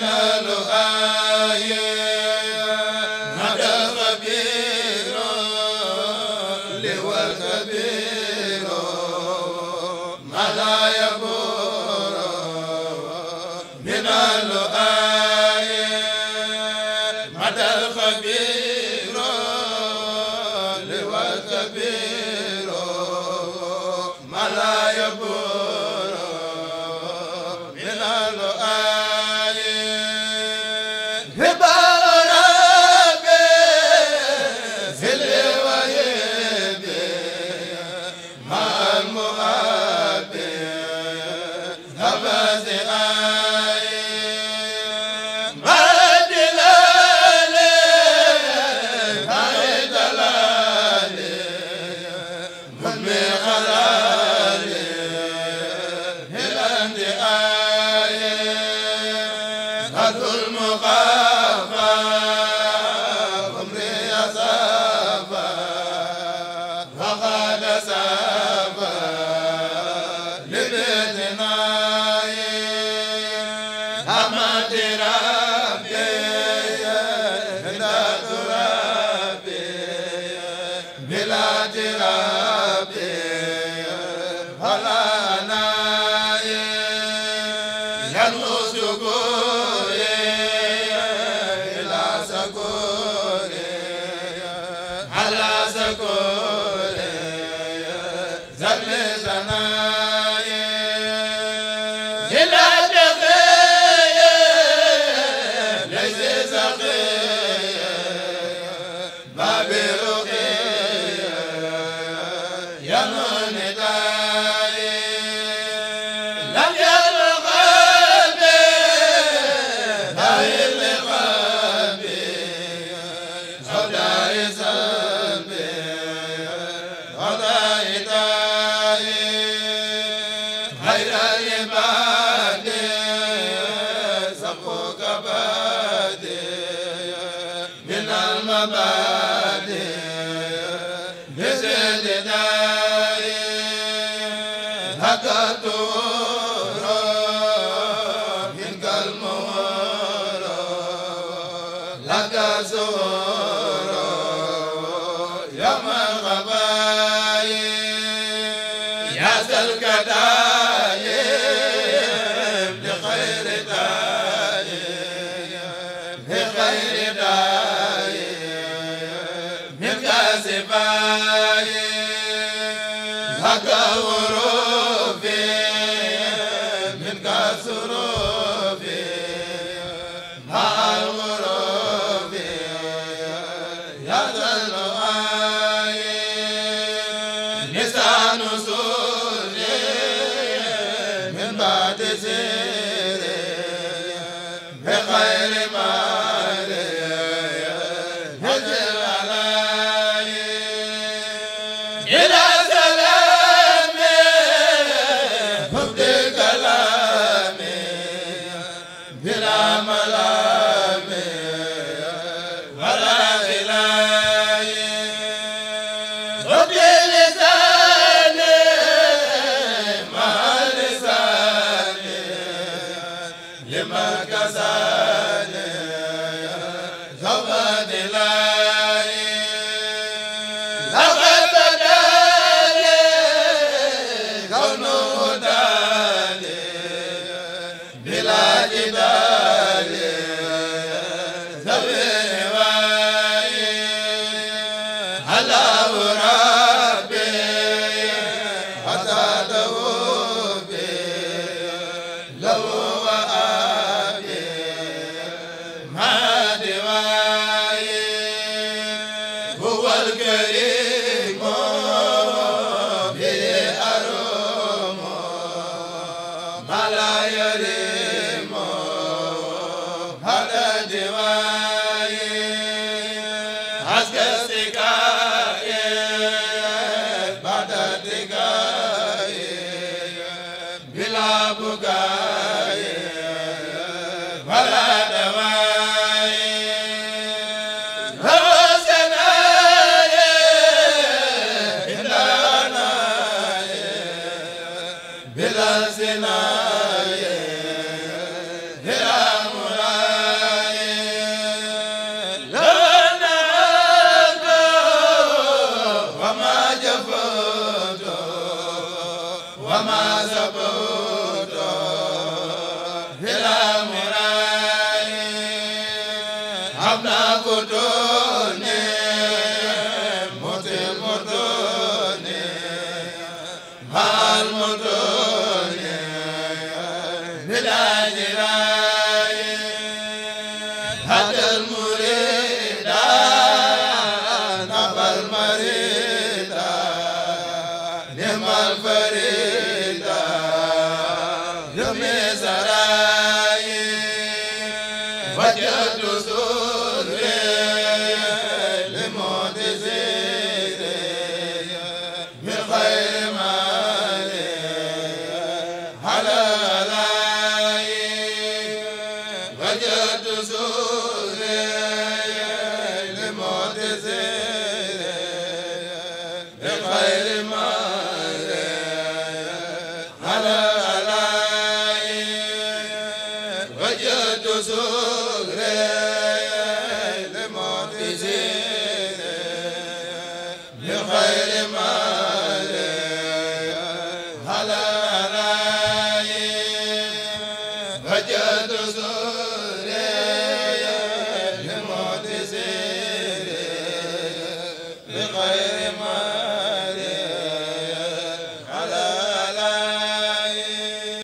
na lu Amadera zale sana la gazo بخير ما Mal farida ze